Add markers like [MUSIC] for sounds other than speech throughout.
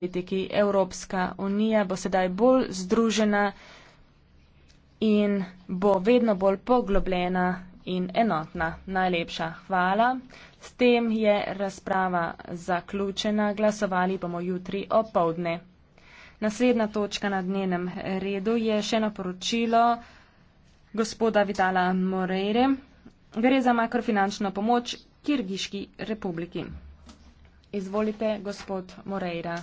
politiki. Evropska unija bo sedaj bolj združena in bo vedno bolj poglobljena in enotna. Najlepša hvala. S tem je razprava zaključena. Glasovali bomo jutri o povdne. Naslednja točka na dnevnem redu je še na poročilo gospoda Vitala Morejre. Gre za makrofinančno pomoč Kirgiški republiki. Izvolite, gospod Morejra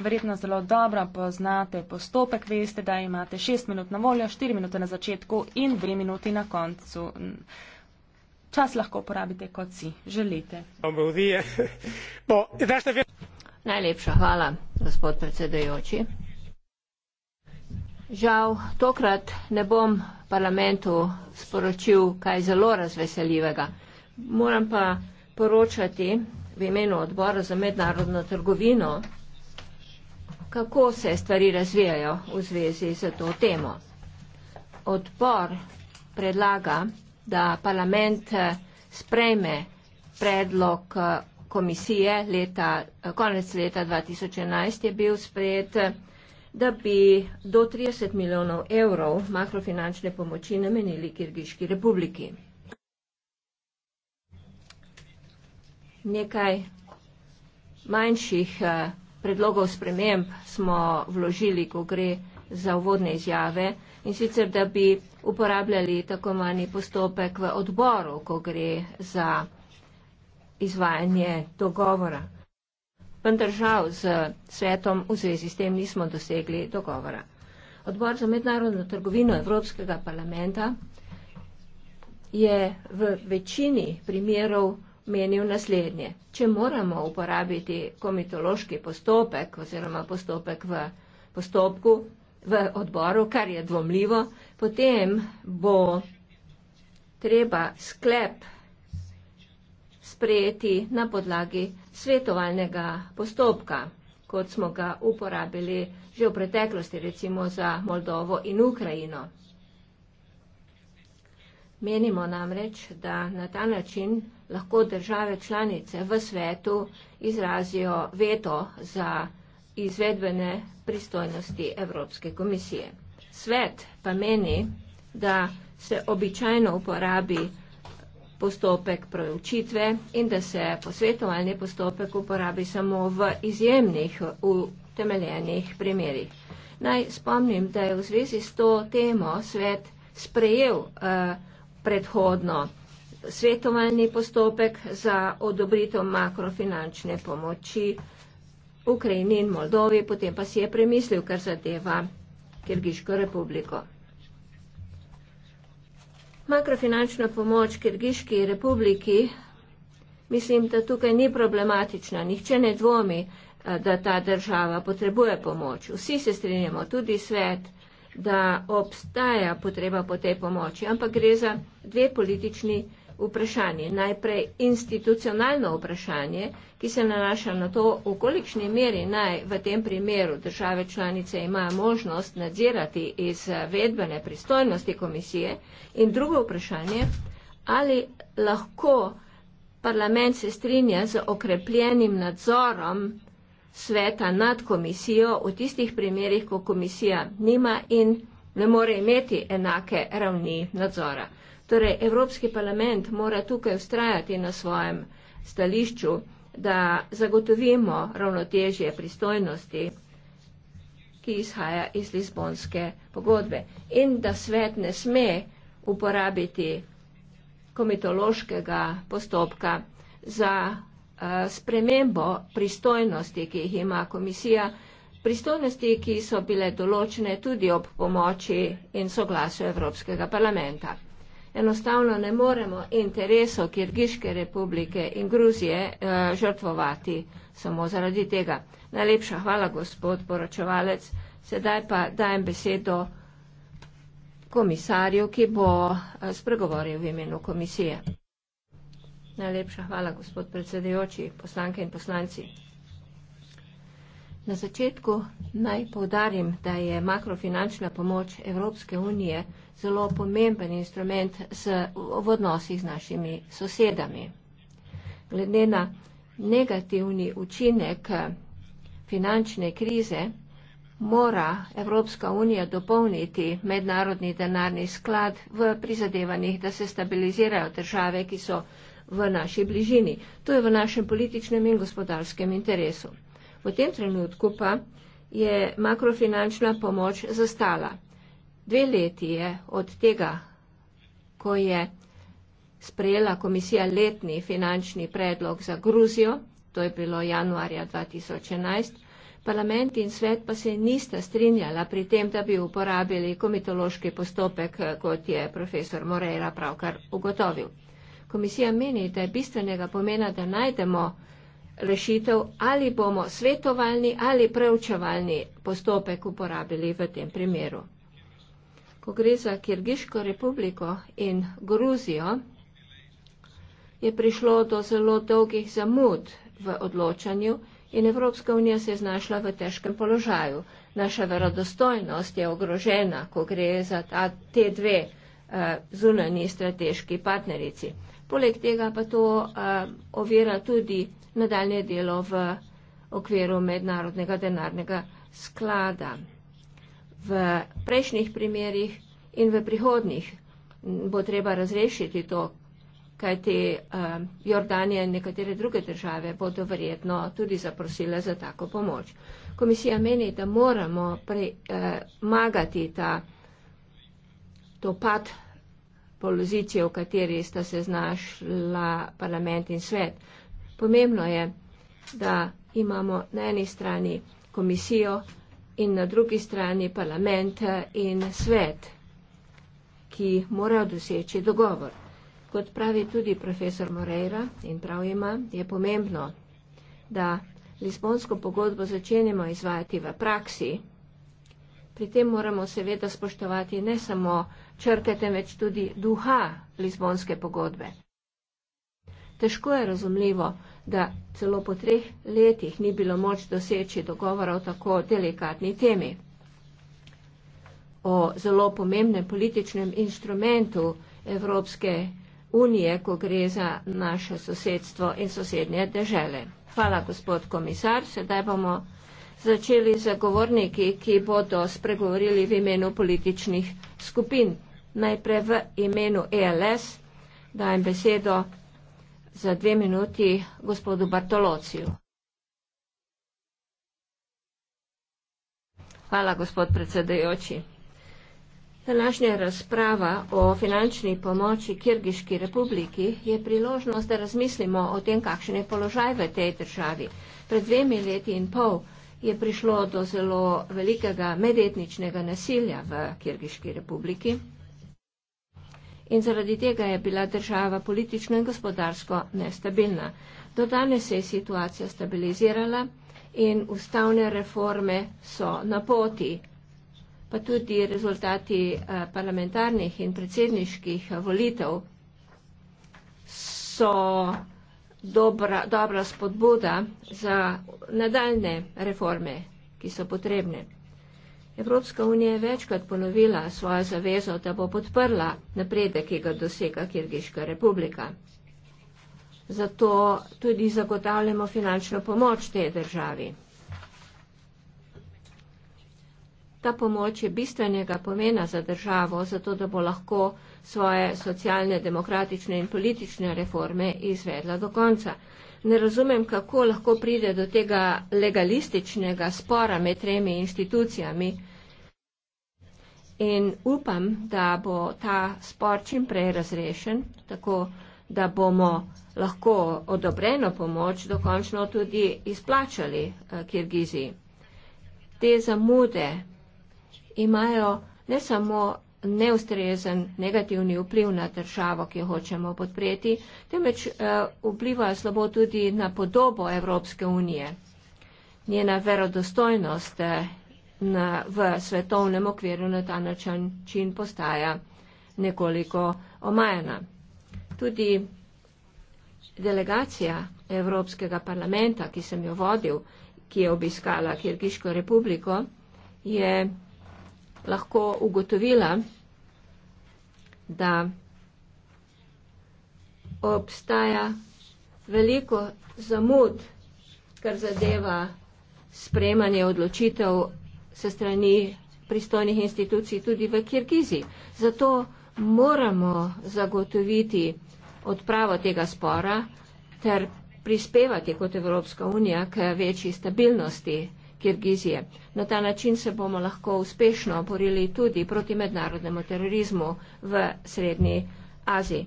verjetno zelo dobro poznate postopek, veste, da imate 6 minut na voljo, 4 minute na začetku in 2 minuti na koncu. Čas lahko uporabite, kot si želite. Najlepša hvala, gospod predsedajoči. Žal, tokrat ne bom parlamentu sporočil kaj zelo razveseljivega. Moram pa poročati v imenu odbora za mednarodno trgovino, kako se stvari razvijajo v zvezi z to temo. Odbor predlaga, da parlament eh, sprejme predlog eh, komisije leta, eh, konec leta 2011 je bil sprejet, da bi do 30 milijonov evrov makrofinančne pomoči namenili Kirgiški republiki. Nekaj manjših predlogov sprememb smo vložili, ko gre za uvodne izjave in sicer, da bi uporabljali tako manj postopek v odboru, ko gre za izvajanje dogovora. Vendar žal z svetom v zvezi s tem nismo dosegli dogovora. Odbor za mednarodno trgovino Evropskega parlamenta je v večini primerov menil naslednje. Če moramo uporabiti komitološki postopek oziroma postopek v postopku v odboru, kar je dvomljivo, potem bo treba sklep sprejeti na podlagi svetovalnega postopka, kot smo ga uporabili že v preteklosti, recimo za Moldovo in Ukrajino. Menimo namreč, da na ta način lahko države članice v svetu izrazijo veto za izvedbene pristojnosti Evropske komisije. Svet pa meni, da se običajno uporabi postopek preučitve in da se posvetovalni postopek uporabi samo v izjemnih utemeljenih primerih. Naj spomnim, da je v zvezi s to temo svet sprejel uh, predhodno svetovalni postopek za odobritev makrofinančne pomoči Ukrajini in Moldovi, potem pa si je premislil, kar zadeva Kirgiško republiko. Makrofinančna pomoč Kirgiški republiki, mislim, da tukaj ni problematična, nihče ne dvomi, eh, da ta država potrebuje pomoč. Vsi se strinjamo, tudi svet, da obstaja potreba po tej pomoči, ampak gre za dve politični vprašanje. Najprej institucionalno vprašanje, ki se nanaša na to, v kolikšni meri naj v tem primeru države članice imajo možnost nadzirati iz vedbene pristojnosti komisije. In drugo vprašanje, ali lahko parlament se strinja z okrepljenim nadzorom sveta nad komisijo v tistih primerih, ko komisija nima in ne more imeti enake ravni nadzora. Torej, Evropski parlament mora tukaj ustrajati na svojem stališču, da zagotovimo ravnotežje pristojnosti, ki izhaja iz Lizbonske pogodbe in da svet ne sme uporabiti komitološkega postopka za Eh, spremembo pristojnosti, ki jih ima komisija, pristojnosti, ki so bile določene tudi ob pomoči in soglasju Evropskega parlamenta. Enostavno ne moremo interesov Kirgiške republike in Gruzije eh, žrtvovati samo zaradi tega. Najlepša hvala, gospod poročevalec. Sedaj pa dajem besedo komisarju, ki bo eh, spregovoril v imenu komisije. Najlepša hvala, gospod predsedujoči, poslanke in poslanci. Na začetku naj povdarim, da je makrofinančna pomoč Evropske unije zelo pomemben instrument v odnosih z našimi sosedami. Glede na negativni učinek finančne krize mora Evropska unija dopolniti mednarodni denarni sklad v prizadevanjih, da se stabilizirajo države, ki so vsega, v naši bližini. To je v našem političnem in gospodarskem interesu. V tem trenutku pa je makrofinančna pomoč zastala. Dve leti je od tega, ko je sprejela komisija letni finančni predlog za Gruzijo, to je bilo januarja 2011, parlament in svet pa se nista strinjala pri tem, da bi uporabili komitološki postopek, kot je profesor Moreira pravkar ugotovil komisija meni, da je bistvenega pomena, da najdemo rešitev, ali bomo svetovalni ali preučevalni postopek uporabili v tem primeru. Ko gre za Kirgiško republiko in Gruzijo, je prišlo do zelo dolgih zamud v odločanju in Evropska unija se je znašla v težkem položaju. Naša verodostojnost je ogrožena, ko gre za ta, te dve uh, eh, zunani strateški partnerici. Poleg tega pa to uh, ovira tudi nadaljne delo v okviru mednarodnega denarnega sklada. V prejšnjih primerjih in v prihodnih bo treba razrešiti to, kajti uh, Jordanija in nekatere druge države bodo verjetno tudi zaprosile za tako pomoč. Komisija meni, da moramo premagati eh, uh, to pad pozicije, v kateri sta se znašla parlament in svet. Pomembno je, da imamo na eni strani komisijo in na drugi strani parlament in svet, ki morajo doseči dogovor. Kot pravi tudi profesor Moreira in prav ima, je pomembno, da Lisbonsko pogodbo začenjamo izvajati v praksi. Pri tem moramo seveda spoštovati ne samo črke temveč tudi duha Lizbonske pogodbe. Težko je razumljivo, da celo po treh letih ni bilo moč doseči dogovora o tako delikatni temi. O zelo pomembnem političnem instrumentu Evropske unije, ko gre za naše sosedstvo in sosednje države. Hvala, gospod komisar. Sedaj bomo začeli z govorniki, ki bodo spregovorili v imenu političnih skupin. Najprej v imenu ELS dajem besedo za dve minuti gospodu Bartolociju. Hvala, gospod predsedajoči. Današnja razprava o finančni pomoči Kirgiški republiki je priložnost, da razmislimo o tem, kakšen je položaj v tej državi. Pred dvemi leti in pol je prišlo do zelo velikega medetničnega nasilja v Kirgiški republiki in zaradi tega je bila država politično in gospodarsko nestabilna. Do danes se je situacija stabilizirala in ustavne reforme so na poti, pa tudi rezultati eh, parlamentarnih in predsedniških volitev so dobra, dobra spodbuda za nadaljne reforme, ki so potrebne. Evropska unija je večkrat ponovila svojo zavezo, da bo podprla napredek, ki ga dosega Kirgiška republika. Zato tudi zagotavljamo finančno pomoč tej državi. Ta pomoč je bistvenega pomena za državo, zato da bo lahko svoje socialne, demokratične in politične reforme izvedla do konca ne razumem, kako lahko pride do tega legalističnega spora med tremi institucijami. In upam, da bo ta spor čim prej razrešen, tako da bomo lahko odobreno pomoč dokončno tudi izplačali eh, Kirgiziji. Te zamude imajo ne samo neustrezen negativni vpliv na državo, ki jo hočemo podpreti, temveč eh, vplivajo slabo tudi na podobo Evropske unije, njena verodostojnost eh, na, v svetovnem okviru na ta način postaja nekoliko omajena. Tudi delegacija Evropskega parlamenta, ki sem jo vodil, ki je obiskala Kirgiško republiko, je lahko ugotovila, da obstaja veliko zamud, kar zadeva spremanje odločitev se strani pristojnih institucij tudi v Kirgizi. Zato moramo zagotoviti odpravo tega spora ter prispevati kot Evropska unija k večji stabilnosti Kirgizije. Na ta način se bomo lahko uspešno borili tudi proti mednarodnemu terorizmu v Srednji Aziji.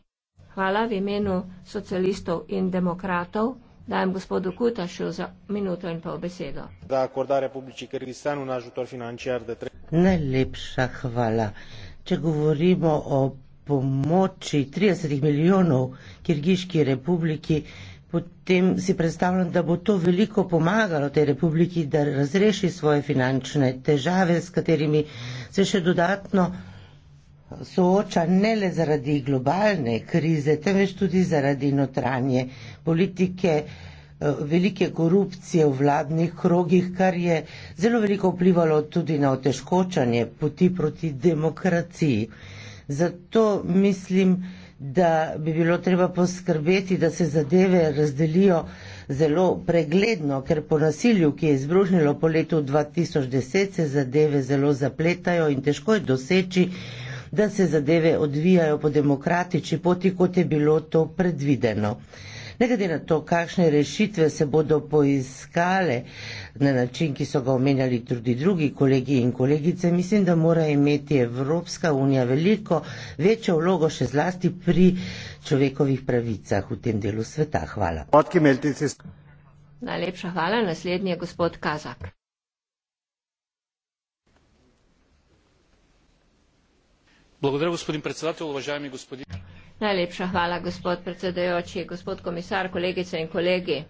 Hvala v imenu socialistov in demokratov. Dajem gospodu Kutašu za minuto in pol besedo. Da, korda Republiki Kyrgyzstanu na žutor finančar. Tre... Najlepša hvala. Če govorimo o pomoči 30 milijonov Kirgiški republiki, potem si predstavljam, da bo to veliko pomagalo tej republiki, da razreši svoje finančne težave, s katerimi se še dodatno sooča ne le zaradi globalne krize, temveč tudi zaradi notranje politike, eh, velike korupcije v vladnih krogih, kar je zelo veliko vplivalo tudi na otežkočanje poti proti demokraciji. Zato mislim, da da bi bilo treba poskrbeti, da se zadeve razdelijo zelo pregledno, ker po nasilju, ki je izbružnilo po letu 2010, se zadeve zelo zapletajo in težko je doseči, da se zadeve odvijajo po demokratični poti, kot je bilo to predvideno. Ne glede na to, kakšne rešitve se bodo poiskale na način, ki so ga omenjali tudi drugi kolegi in kolegice, mislim, da mora imeti Evropska unija veliko večjo vlogo še zlasti pri človekovih pravicah v tem delu sveta. Hvala. Najlepša hvala. Naslednji je gospod Kazak. Благодаря, господин председател. Уважаеми господин. Najlepša hvala, gospod predsedajoči, gospod komisar, kolegice in kolegi.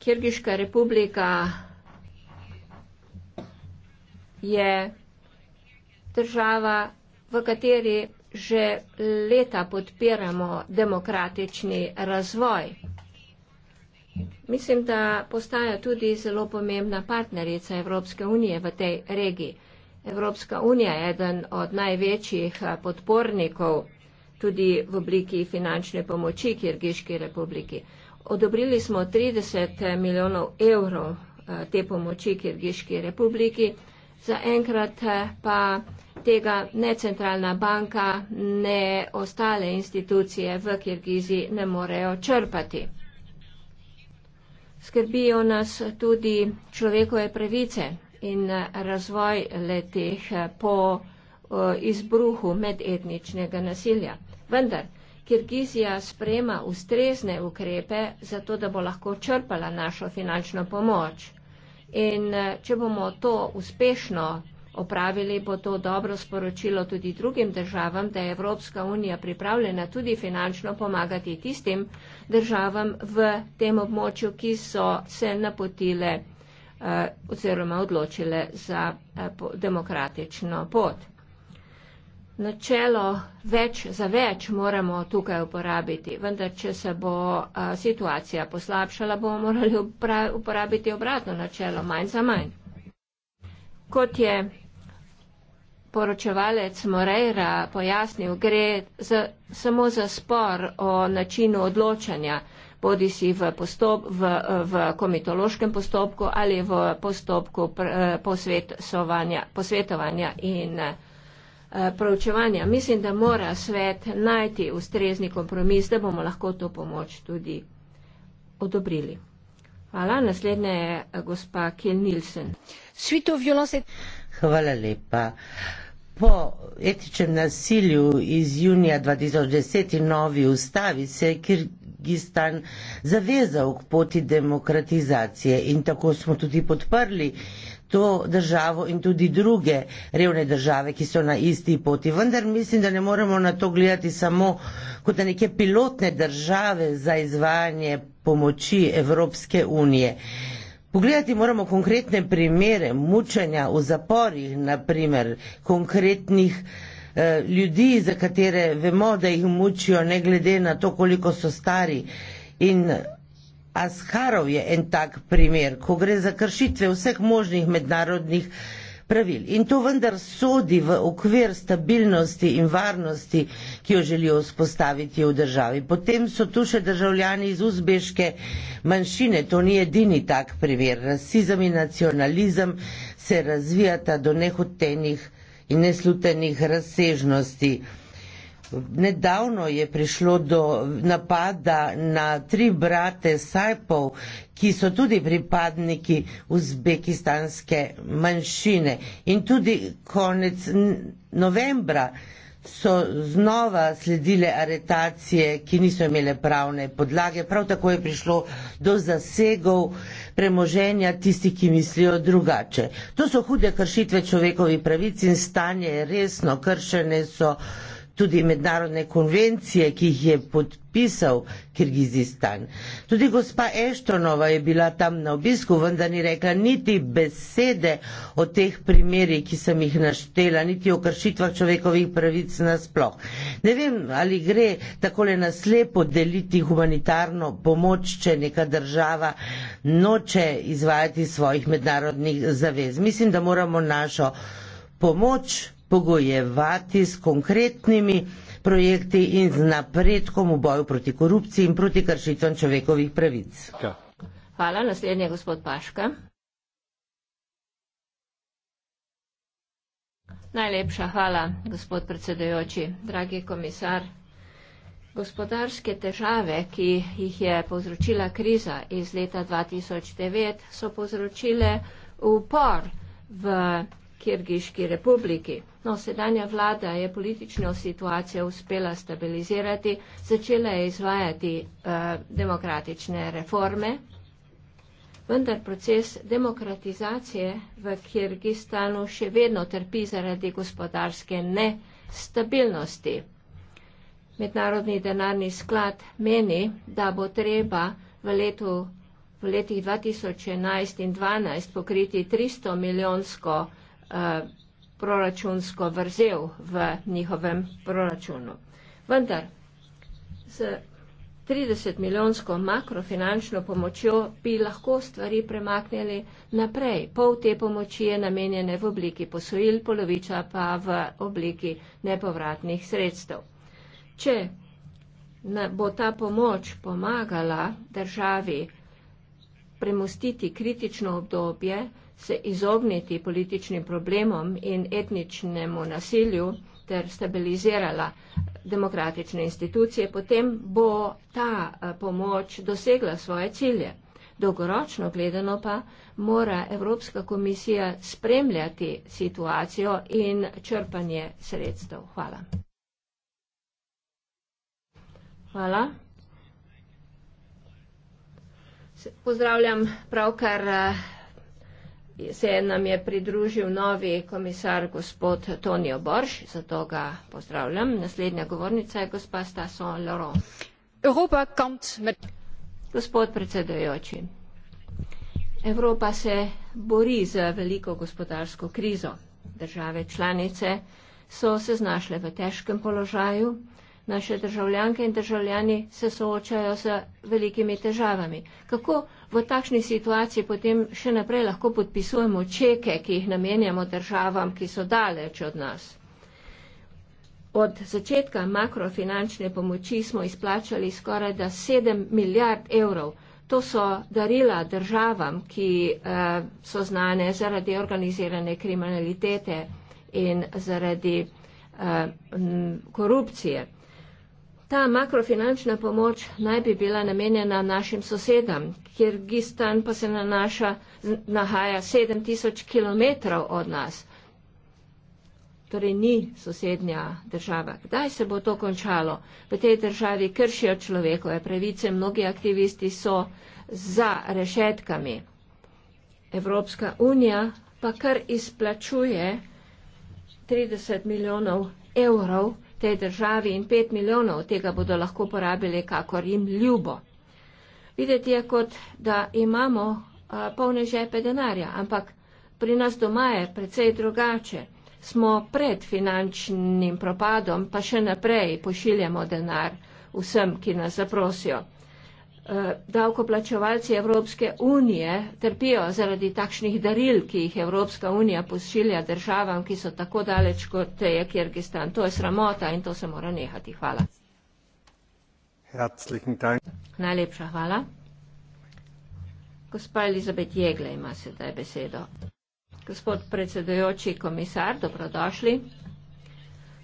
Kirgiška republika je država, v kateri že leta podpiramo demokratični razvoj. Mislim, da postaja tudi zelo pomembna partnerica Evropske unije v tej regiji. Evropska unija je eden od največjih eh, podpornikov tudi v obliki finančne pomoči Kirgiški republiki. Odobrili smo 30 eh, milijonov evrov eh, te pomoči Kirgiški republiki, zaenkrat pa tega ne centralna banka, ne ostale institucije v Kirgiziji ne morejo črpati. Skrbijo nas tudi človekove pravice in eh, razvoj letih eh, po eh, izbruhu medetničnega nasilja. Vendar Kirgizija sprejema ustrezne ukrepe za to, da bo lahko črpala našo finančno pomoč. In če bomo to uspešno opravili, bo to dobro sporočilo tudi drugim državam, da je Evropska unija pripravljena tudi finančno pomagati tistim državam v tem območju, ki so se napotile. Eh, oziroma odločile za eh, demokratično pot. Načelo več za več moramo tukaj uporabiti, vendar če se bo eh, situacija poslabšala, bomo morali uporabiti obratno načelo, manj za manj. Kot je poročevalec Moreira pojasnil, gre za, samo za spor o načinu odločanja bodi si v, postop, v, v komitološkem postopku ali v postopku eh, posvetovanja in eh, proučevanja. Mislim, da mora svet najti ustrezni kompromis, da bomo lahko to pomoč tudi odobrili. Hvala. Naslednja je eh, gospa Kil Nilsen. Hvala lepa. Po etičnem nasilju iz junija 2010 in novi ustavi se je Kirgistan zavezal k poti demokratizacije in tako smo tudi podprli to državo in tudi druge revne države, ki so na isti poti. Vendar mislim, da ne moremo na to gledati samo kot na neke pilotne države za izvajanje pomoči Evropske unije. Pogledati moramo konkretne primere mučenja v zaporih, naprimer konkretnih Eh, ljudi, za katere vemo, da jih mučijo, ne glede na to, koliko so stari. In Asharov je en tak primer, ko gre za kršitve vseh možnih mednarodnih pravil. In to vendar sodi v okvir stabilnosti in varnosti, ki jo želijo vzpostaviti v državi. Potem so tu še državljani iz uzbeške manjšine, to ni edini tak primer. Rasizem in nacionalizem se razvijata do nehotenih in neslutenih razsežnosti. Nedavno je prišlo do napada na tri brate Sajpov, ki so tudi pripadniki uzbekistanske manjšine. In tudi konec novembra so znova sledile aretacije, ki niso imele pravne podlage. Prav tako je prišlo do zasegov premoženja tistih, ki mislijo drugače. To so hude kršitve človekovih pravic in stanje je resno, kršene so tudi mednarodne konvencije, ki jih je podpisal Kirgizistan. Tudi gospa Eštronova je bila tam na obisku, vendar ni rekla niti besede o teh primerih, ki sem jih naštela, niti o kršitvah človekovih pravic nasploh. Ne vem, ali gre takole naslepo deliti humanitarno pomoč, če neka država noče izvajati svojih mednarodnih zavez. Mislim, da moramo našo pomoč pogojevati s konkretnimi projekti in z napredkom v boju proti korupciji in proti kršitvam človekovih pravic. Ja. Hvala, naslednji je gospod Paška. Najlepša hvala, gospod predsedujoči, dragi komisar. Gospodarske težave, ki jih je povzročila kriza iz leta 2009, so povzročile upor v Kirgiški republiki. No, sedanja vlada je politično situacijo uspela stabilizirati, začela je izvajati eh, demokratične reforme, vendar proces demokratizacije v Kirgistanu še vedno trpi zaradi gospodarske nestabilnosti. Mednarodni denarni sklad meni, da bo treba v letu v letih 2011 in 2012 pokriti 300 milijonsko Eh, proračunsko vrzel v njihovem proračunu. Vendar z 30 milijonsko makrofinančno pomočjo bi lahko stvari premaknili naprej. Pol te pomoči je namenjene v obliki posojil, poloviča pa v obliki nepovratnih sredstev. Če bo ta pomoč pomagala državi premustiti kritično obdobje, se izogniti političnim problemom in etničnemu nasilju ter stabilizirala demokratične institucije, potem bo ta eh, pomoč dosegla svoje cilje. Dolgoročno gledano pa mora Evropska komisija spremljati situacijo in črpanje sredstev. Hvala. Hvala. Pozdravljam pravkar eh, se nam je pridružil novi komisar gospod Tonijo Borš, zato ga pozdravljam. Naslednja govornica je gospa Stason Loro. Med... Gospod predsedujoči, Evropa se bori za veliko gospodarsko krizo. Države članice so se znašle v težkem položaju, naše državljanke in državljani se soočajo z velikimi težavami. Kako v takšni situaciji potem še naprej lahko podpisujemo čeke, ki jih namenjamo državam, ki so daleč od nas. Od začetka makrofinančne pomoči smo izplačali skoraj da 7 milijard evrov. To so darila državam, ki eh, so znane zaradi organizirane kriminalitete in zaradi eh, korupcije. Ta makrofinančna pomoč naj bi bila namenjena našim sosedam, Kirgistan pa se nanaša, nahaja 7000 km od nas. Torej ni sosednja država. Kdaj se bo to končalo? V tej državi kršijo človekove pravice, mnogi aktivisti so za rešetkami. Evropska unija pa kar izplačuje 30 milijonov evrov tej državi in pet milijonov tega bodo lahko porabili, kakor jim ljubo. Videti je kot, da imamo a, polne žepe denarja, ampak pri nas doma je precej drugače. Smo pred finančnim propadom, pa še naprej pošiljamo denar vsem, ki nas zaprosijo davkoplačevalci Evropske unije trpijo zaradi takšnih daril, ki jih Evropska unija pošilja državam, ki so tako daleč kot te je Kyrgyzstan. To je sramota in to se mora nehati. Hvala. Najlepša hvala. Gospa Elizabet Jegle ima sedaj besedo. Gospod predsedujoči komisar, dobrodošli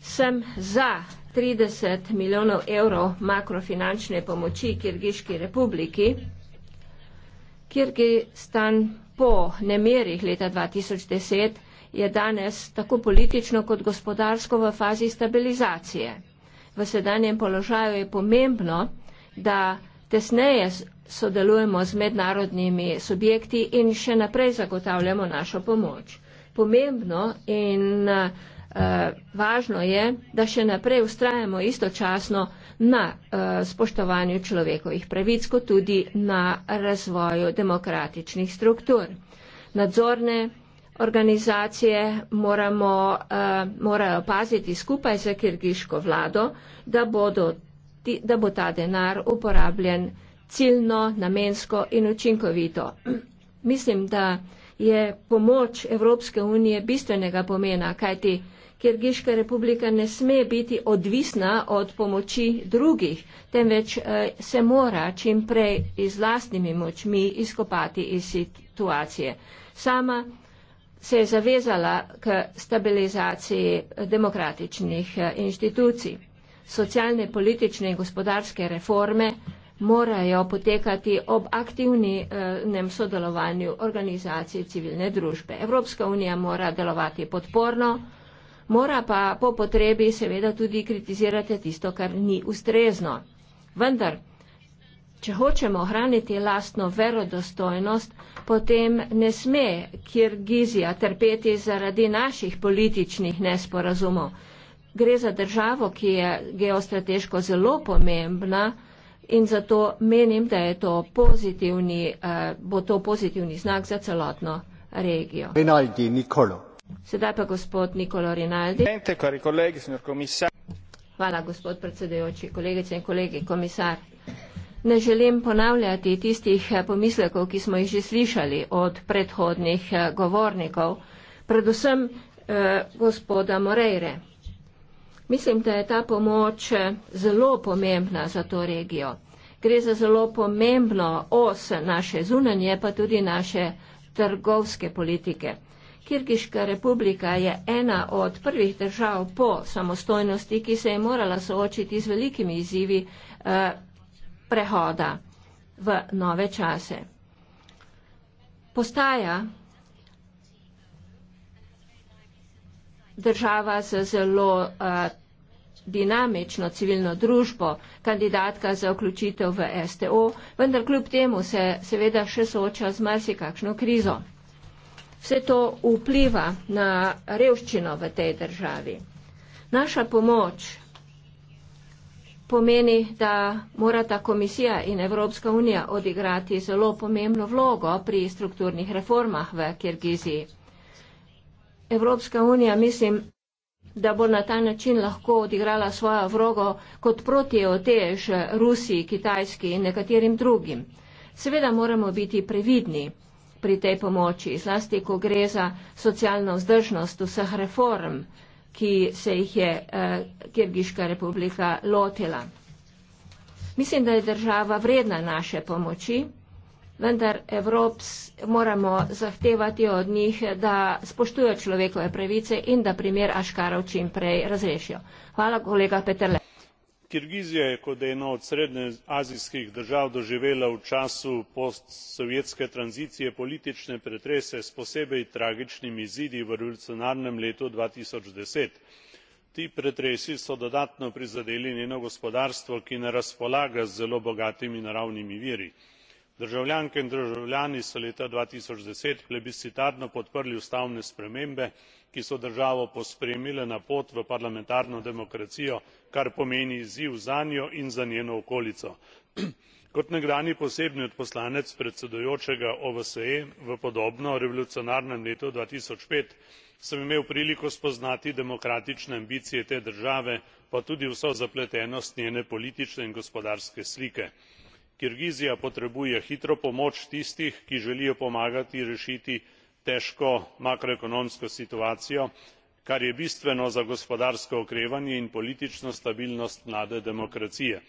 sem za 30 milijonov evrov makrofinančne pomoči Kirgiški republiki. Kirgistan po nemerih leta 2010 je danes tako politično kot gospodarsko v fazi stabilizacije. V sedanjem položaju je pomembno, da tesneje sodelujemo z mednarodnimi subjekti in še naprej zagotavljamo našo pomoč. Pomembno in uh, Eh, važno je, da še naprej ustrajamo istočasno na eh, spoštovanju človekovih pravic, kot tudi na razvoju demokratičnih struktur. Nadzorne organizacije moramo, eh, morajo paziti skupaj z kirgiško vlado, da, bodo, da bo ta denar uporabljen ciljno, namensko in učinkovito. Mislim, da je pomoč Evropske unije bistvenega pomena, kajti Kirgiška republika ne sme biti odvisna od pomoči drugih, temveč eh, se mora čim prej iz vlastnimi močmi izkopati iz situacije. Sama se je zavezala k stabilizaciji demokratičnih eh, inštitucij. Socialne, politične in gospodarske reforme morajo potekati ob aktivnem eh, sodelovanju organizacij civilne družbe. Evropska unija mora delovati podporno, mora pa po potrebi seveda tudi kritizirati tisto, kar ni ustrezno. Vendar, če hočemo ohraniti lastno verodostojnost, potem ne sme Kirgizija trpeti zaradi naših političnih nesporazumov. Gre za državo, ki je geostrateško zelo pomembna in zato menim, da je to pozitivni, eh, bo to pozitivni znak za celotno regijo. Rinaldi, Nikolo. Sedaj pa gospod Nikolo Rinaldi. Vente, kari kolegi, senjor komisar. Hvala, gospod predsedujoči, kolegice in kolegi, komisar. Ne želim ponavljati tistih eh, pomislekov, ki smo jih že slišali od predhodnih eh, govornikov, predvsem eh, gospoda Morejre. Mislim, da je ta pomoč eh, zelo pomembna za to regijo. Gre za zelo pomembno os naše zunanje, pa tudi naše trgovske politike. Kirgiška republika je ena od prvih držav po samostojnosti, ki se je morala soočiti z velikimi izzivi eh, prehoda v nove čase. Postaja država z zelo eh, dinamično civilno družbo, kandidatka za vključitev v STO, vendar kljub temu se seveda še sooča z marsikakšno krizo. Vse to vpliva na revščino v tej državi. Naša pomoč pomeni, da mora ta komisija in Evropska unija odigrati zelo pomembno vlogo pri strukturnih reformah v Kirgiziji. Evropska unija, mislim, da bo na ta način lahko odigrala svojo vlogo kot protiotež Rusiji, Kitajski in nekaterim drugim. Seveda moramo biti previdni pri tej pomoči, zlasti ko gre za socialno vzdržnost vseh reform, ki se jih je eh, Kirgiška republika lotila. Mislim, da je država vredna naše pomoči, vendar Evrops moramo zahtevati od njih, da spoštujo človekove pravice in da primer Aškarov čim prej razrešijo. Hvala, kolega Peterle kirgizija je kot ena od srednjeazijskih držav doživela v času postsovjetske tranzicije politične pretrese s posebej tragičnimi izidi v revolucionarnem letu. dva tisoč deset ti pretresi so dodatno prizadeli njeno gospodarstvo ki ne razpolaga z zelo bogatimi naravnimi viri državljanke in državljani so leta dva tisoč deset plebiscitarno podprli ustavne spremembe ki so državo pospremile na pot v parlamentarno demokracijo kar pomeni izziv zanjo in za njeno okolico. [CLEARS THROAT] kot nekdanji posebni odposlanec predsedujočega osce v podobno revolucionarnem letu dva tisoč pet sem imel priliko spoznati demokratične ambicije te države pa tudi vso zapletenost njene politične in gospodarske slike kirgizija potrebuje hitro pomoč tistih ki želijo pomagati rešiti težko makroekonomsko situacijo kar je bistveno za gospodarsko okrevanje in politično stabilnost mlade demokracije.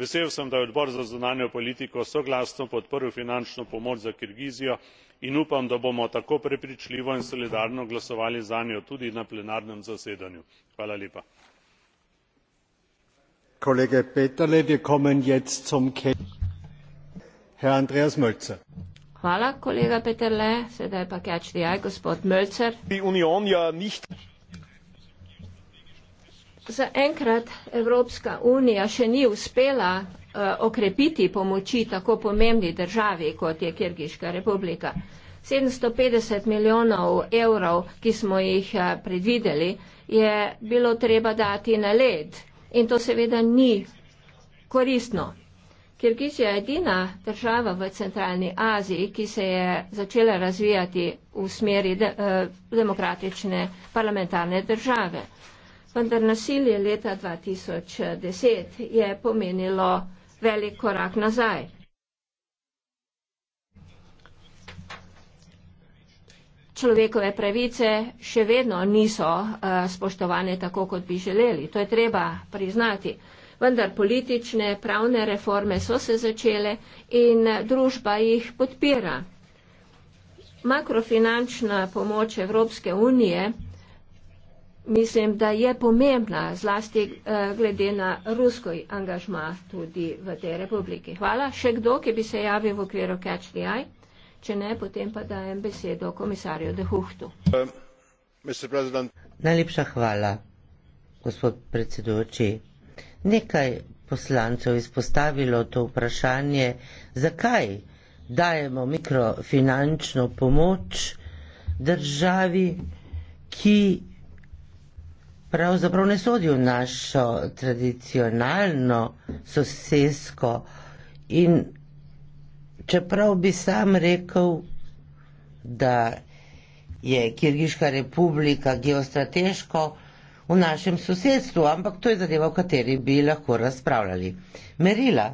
vesel sem da je odbor za zunanjo politiko soglasno podprl finančno pomoč za kirgizijo in upam da bomo tako prepričljivo in solidarno glasovali zanjo tudi na plenarnem zasedanju. Herr Andreas Mölzer. Hvala, kolega Peterle. Sedaj pa catch the eye, gospod Mölzer. Ja nicht... Za enkrat Evropska unija še ni uspela uh, okrepiti pomoči tako pomembni državi, kot je Kirgiška republika. 750 milijonov evrov, ki smo jih eh, predvideli, je bilo treba dati na led. In to seveda ni koristno. Kirgizija je edina država v centralni Aziji, ki se je začela razvijati v smeri de, eh, demokratične parlamentarne države. Vendar nasilje leta 2010 je pomenilo velik korak nazaj. Človekove pravice še vedno niso uh, spoštovane tako, kot bi želeli. To je treba priznati. Uh, vendar politične pravne reforme so se začele in družba jih podpira. Makrofinančna pomoč Evropske unije mislim, da je pomembna zlasti eh, glede na ruskoj angažma tudi v tej republiki. Hvala. Še kdo, ki bi se javil v okviru Catch the Eye? Če ne, potem pa dajem besedo komisarju De Huhtu. Najlepša hvala, gospod predsedujoči. Nekaj poslancev izpostavilo to vprašanje, zakaj dajemo mikrofinančno pomoč državi, ki pravzaprav ne sodi v našo tradicionalno sosesko in čeprav bi sam rekel, da je Kirgiška republika geostrateško v našem sosedstvu, ampak to je zadeva, o kateri bi lahko razpravljali. Merila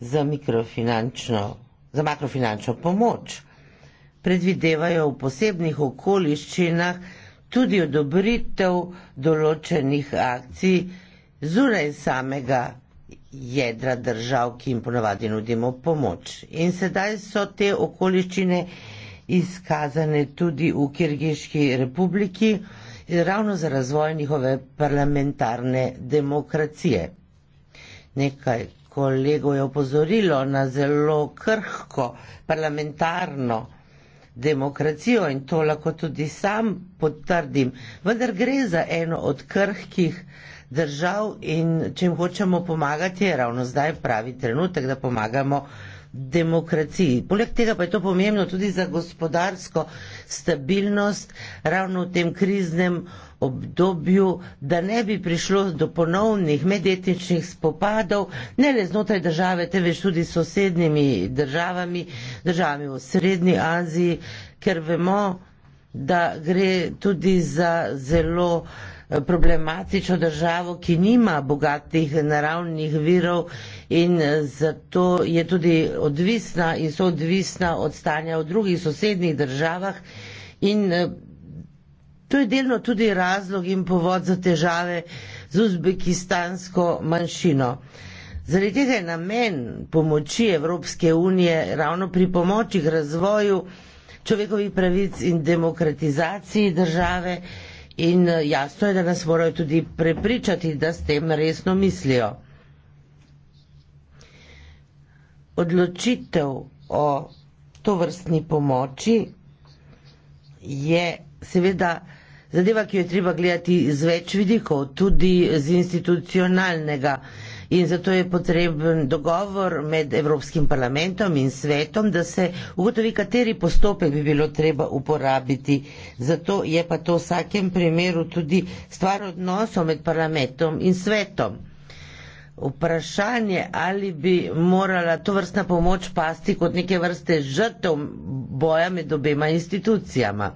za, za makrofinančno pomoč predvidevajo v posebnih okoliščinah tudi odobritev določenih akcij zunaj samega jedra držav, ki jim ponavadi nudimo pomoč. In sedaj so te okoliščine izkazane tudi v Kirgiški republiki in ravno za razvoj njihove parlamentarne demokracije. Nekaj kolegov je opozorilo na zelo krhko parlamentarno demokracijo in to lahko tudi sam potrdim, vendar gre za eno od krhkih držav in če jim hočemo pomagati, je ravno zdaj pravi trenutek, da pomagamo demokraciji. Poleg tega pa je to pomembno tudi za gospodarsko stabilnost ravno v tem kriznem obdobju, da ne bi prišlo do ponovnih medetničnih spopadov, ne le znotraj države, temveč tudi s sosednjimi državami, državami v Srednji Aziji, ker vemo, da gre tudi za zelo problematično državo, ki nima bogatih naravnih virov in zato je tudi odvisna in so odvisna od stanja v drugih sosednjih državah. In eh, to je delno tudi razlog in povod za težave z uzbekistansko manjšino. Zaradi tega je namen pomoči Evropske unije ravno pri pomoči k razvoju človekovih pravic in demokratizaciji države, In eh, jasno je, da nas morajo tudi prepričati, da s tem resno mislijo. Odločitev o to vrstni pomoči je seveda zadeva, ki jo je treba gledati z več vidikov, tudi z institucionalnega in zato je potreben dogovor med Evropskim parlamentom in svetom, da se ugotovi, kateri postopek bi bilo treba uporabiti. Zato je pa to v vsakem primeru tudi stvar odnosov med parlamentom in svetom. Vprašanje, ali bi morala to vrstna pomoč pasti kot neke vrste žrtev boja med obema institucijama.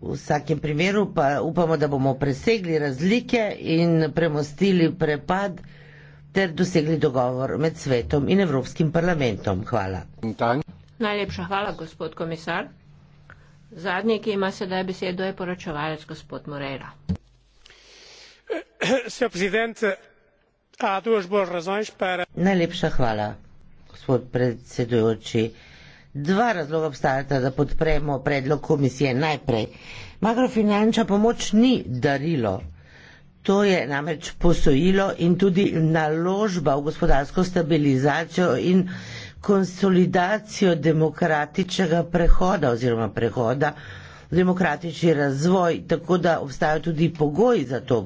V vsakem primeru pa upamo, da bomo presegli razlike in premostili prepad ter dosegli dogovor med svetom in Evropskim parlamentom. Hvala. Najlepša hvala, gospod komisar. Zadnji, ki ima sedaj besedo, je poročevalec gospod Moreira. Najlepša hvala, gospod predsedujoči. Dva razloga obstajata, da podpremo predlog komisije. Najprej, makrofinančna pomoč ni darilo. To je namreč posojilo in tudi naložba v gospodarsko stabilizacijo in konsolidacijo demokratičnega prehoda oziroma prehoda v demokratični razvoj, tako da obstajajo tudi pogoji za to.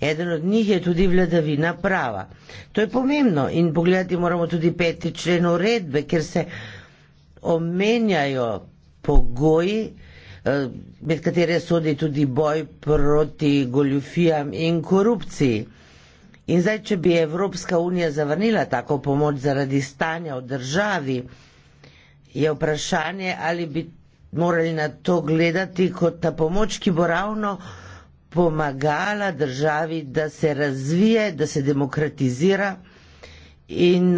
Eden od njih je tudi vladavina prava. To je pomembno in pogledati moramo tudi peti člen uredbe, ker se omenjajo pogoji, Eh, med katere sodi tudi boj proti goljufijam in korupciji. In zdaj, če bi Evropska unija zavrnila tako pomoč zaradi stanja v državi, je vprašanje, ali bi morali na to gledati kot ta pomoč, ki bo ravno pomagala državi, da se razvije, da se demokratizira in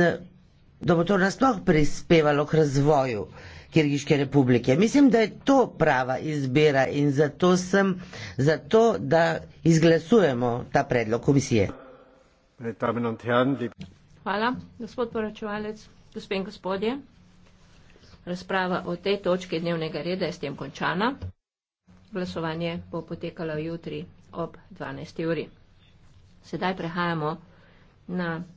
da bo to nasploh prispevalo k razvoju. Uh, Kirgiške republike. Mislim, da je to prava izbira in zato sem za to, da izglasujemo ta predlog komisije. Hvala, gospod poročevalec, gospe in gospodje. Razprava o tej točki dnevnega reda je s tem končana. Glasovanje bo potekalo jutri ob 12. uri. Sedaj prehajamo na